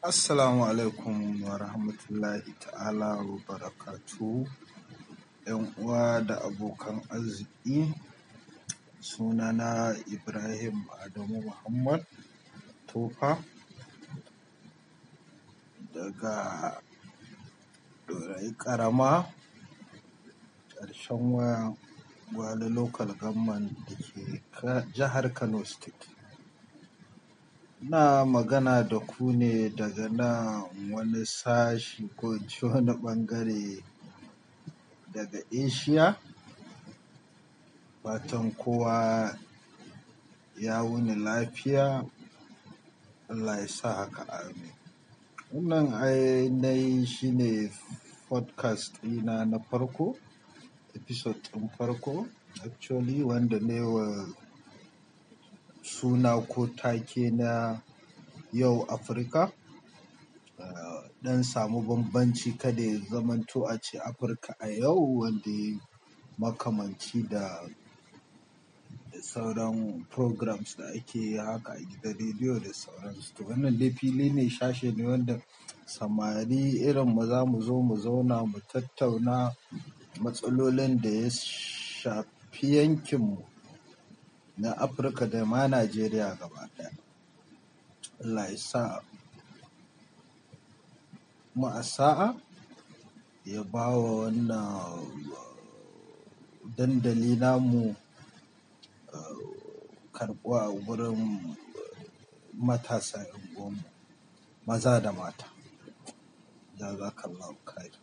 Assalamu alaikum wa rahmatullahi ta'ala wa barakatu. ‘Yan uwa da abokan arziki, sunana Ibrahim Adamu Muhammad Tofa daga Dorai Karama, ƙarshen waya Gwale lokal Government da ke jihar Kano State. Ina magana da ku ne daga nan wani sashi ko in wani ɓangare daga Asia. Fatan kowa ya wuni lafiya, Allah ya sa haka amin. Wannan ai nayi ne podcast ɗina na farko, episode ɗin farko actually wanda ne wa. suna ko take na yau Afirka. dan samu bambanci kada ya zamanto a ce Afirka a yau wanda ya makamanci da sauran programs da ake haka a gidan rediyo da sauran To wannan dai fili ne sashe ne wanda samari irin mu za mu zo mu zauna mu tattauna matsalolin da ya shafi yankinmu. na Afirka da ma Najeriya gaba ɗaya. sa mu a sa'a ya ba wa wannan dandali namu eh, karɓuwa a wurin matasa 'yan maza da mata. da za ka Jazakallahu khair.